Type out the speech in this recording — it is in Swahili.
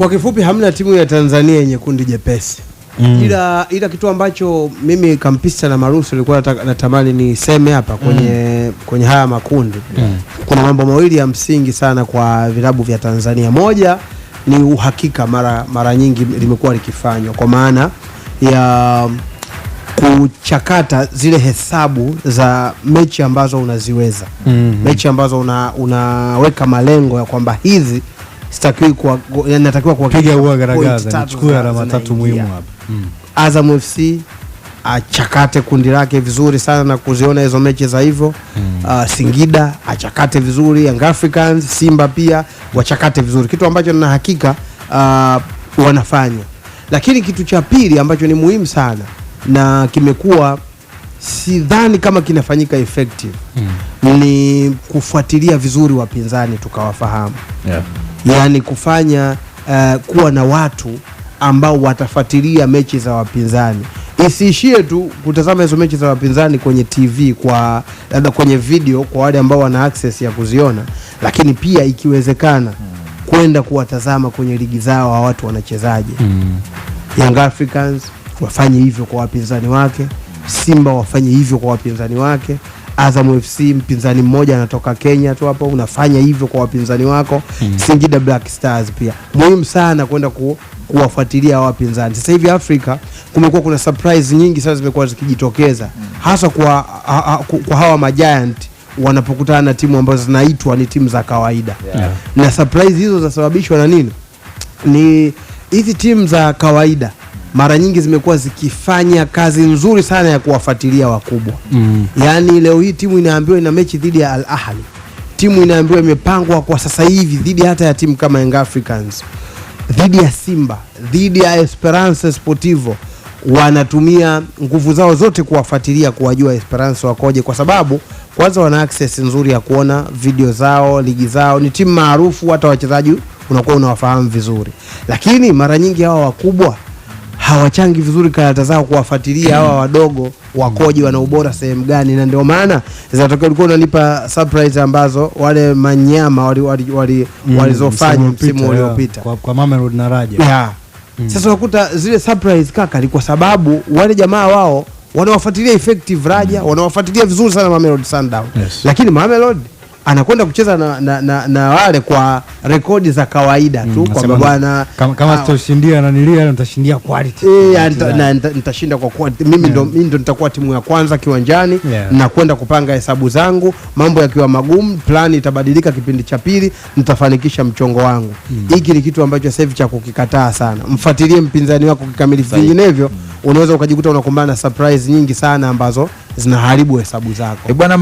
Kwa kifupi hamna timu ya Tanzania yenye kundi jepesi. Mm. Ila, ila kitu ambacho mimi kampista na marusu nilikuwa natamani niseme hapa kwenye, mm. kwenye haya makundi mm. kuna mambo mawili ya msingi sana kwa vilabu vya Tanzania. Moja ni uhakika, mara, mara nyingi limekuwa likifanywa kwa maana ya kuchakata zile hesabu za mechi ambazo unaziweza mm -hmm. mechi ambazo una, unaweka malengo ya kwamba hizi sitakiwi kwa yani, natakiwa kuwapiga garagaza, nichukue alama tatu muhimu hapa mm. Azam FC achakate kundi lake vizuri sana na kuziona hizo mechi za hivyo mm. Uh, Singida achakate vizuri, Young Africans, Simba pia wachakate vizuri, kitu ambacho nina hakika uh, wanafanya. Lakini kitu cha pili ambacho ni muhimu sana na kimekuwa sidhani kama kinafanyika effective mm. ni kufuatilia vizuri wapinzani tukawafahamu, yeah yani kufanya uh, kuwa na watu ambao watafuatilia mechi za wapinzani isiishie tu kutazama hizo mechi za wapinzani kwenye TV kwa labda kwenye video kwa wale ambao wana access ya kuziona, lakini pia ikiwezekana kwenda kuwatazama kwenye ligi zao wa watu wanachezaje. Mm. Young Africans wafanye hivyo kwa wapinzani wake, Simba wafanye hivyo kwa wapinzani wake. Azam FC mpinzani mmoja anatoka Kenya tu hapo, unafanya hivyo kwa wapinzani wako mm. Singida Black Stars pia muhimu sana kwenda ku, kuwafuatilia wapinzani. Sasa hivi Afrika kumekuwa kuna surprise nyingi sana zimekuwa zikijitokeza hmm. hasa kwa, ha, ha, kwa hawa majiant wanapokutana na timu ambazo zinaitwa ni timu za kawaida yeah. Na surprise hizo zinasababishwa na nini? Ni hizi timu za kawaida mara nyingi zimekuwa zikifanya kazi nzuri sana ya kuwafuatilia wakubwa mm. Yaani leo hii timu inaambiwa ina mechi dhidi ya Al Ahly, timu inaambiwa imepangwa kwa sasa hivi dhidi hata ya timu kama Young Africans, dhidi ya Simba, dhidi ya Esperance Sportivo. Wanatumia nguvu zao zote kuwafuatilia, kuwajua Esperance wakoje, kwa sababu kwanza wana access nzuri ya kuona video zao, ligi zao, ni timu maarufu, hata wachezaji unakuwa unawafahamu vizuri, lakini mara nyingi hawa wakubwa hawachangi vizuri karata zao kuwafuatilia hawa mm. wadogo wakoje, wana ubora sehemu gani, na ndio maana zinatokea. Ulikuwa unanipa surprise ambazo wale manyama walizofanya wali, wali, wali mm, msimu uliopita kwa, kwa Mamelodi na Raja yeah. mm. Sasa unakuta zile surprise kaka, ni kwa sababu wale jamaa wao wanawafuatilia effective Raja mm. wanawafuatilia vizuri sana Mamelodi Sundowns yes. lakini Mamelodi anakwenda kucheza na, na, na, na wale kwa rekodi za kawaida tu mm, kwamba bwana kama, kama ah, na nilia nitashindia quality eh, nita, na nitashinda kwa quality mimi Ndo yeah. ndo nitakuwa timu ya kwanza kiwanjani yeah. Nakwenda kupanga hesabu zangu, mambo yakiwa magumu, plani itabadilika kipindi cha pili, nitafanikisha mchongo wangu. Mm. Hiki mm. ni kitu ambacho sasa hivi cha kukikataa sana. Mfuatilie mpinzani wako kikamilifu, vinginevyo mm. unaweza ukajikuta unakumbana na surprise nyingi sana ambazo zinaharibu hesabu zako. E bwana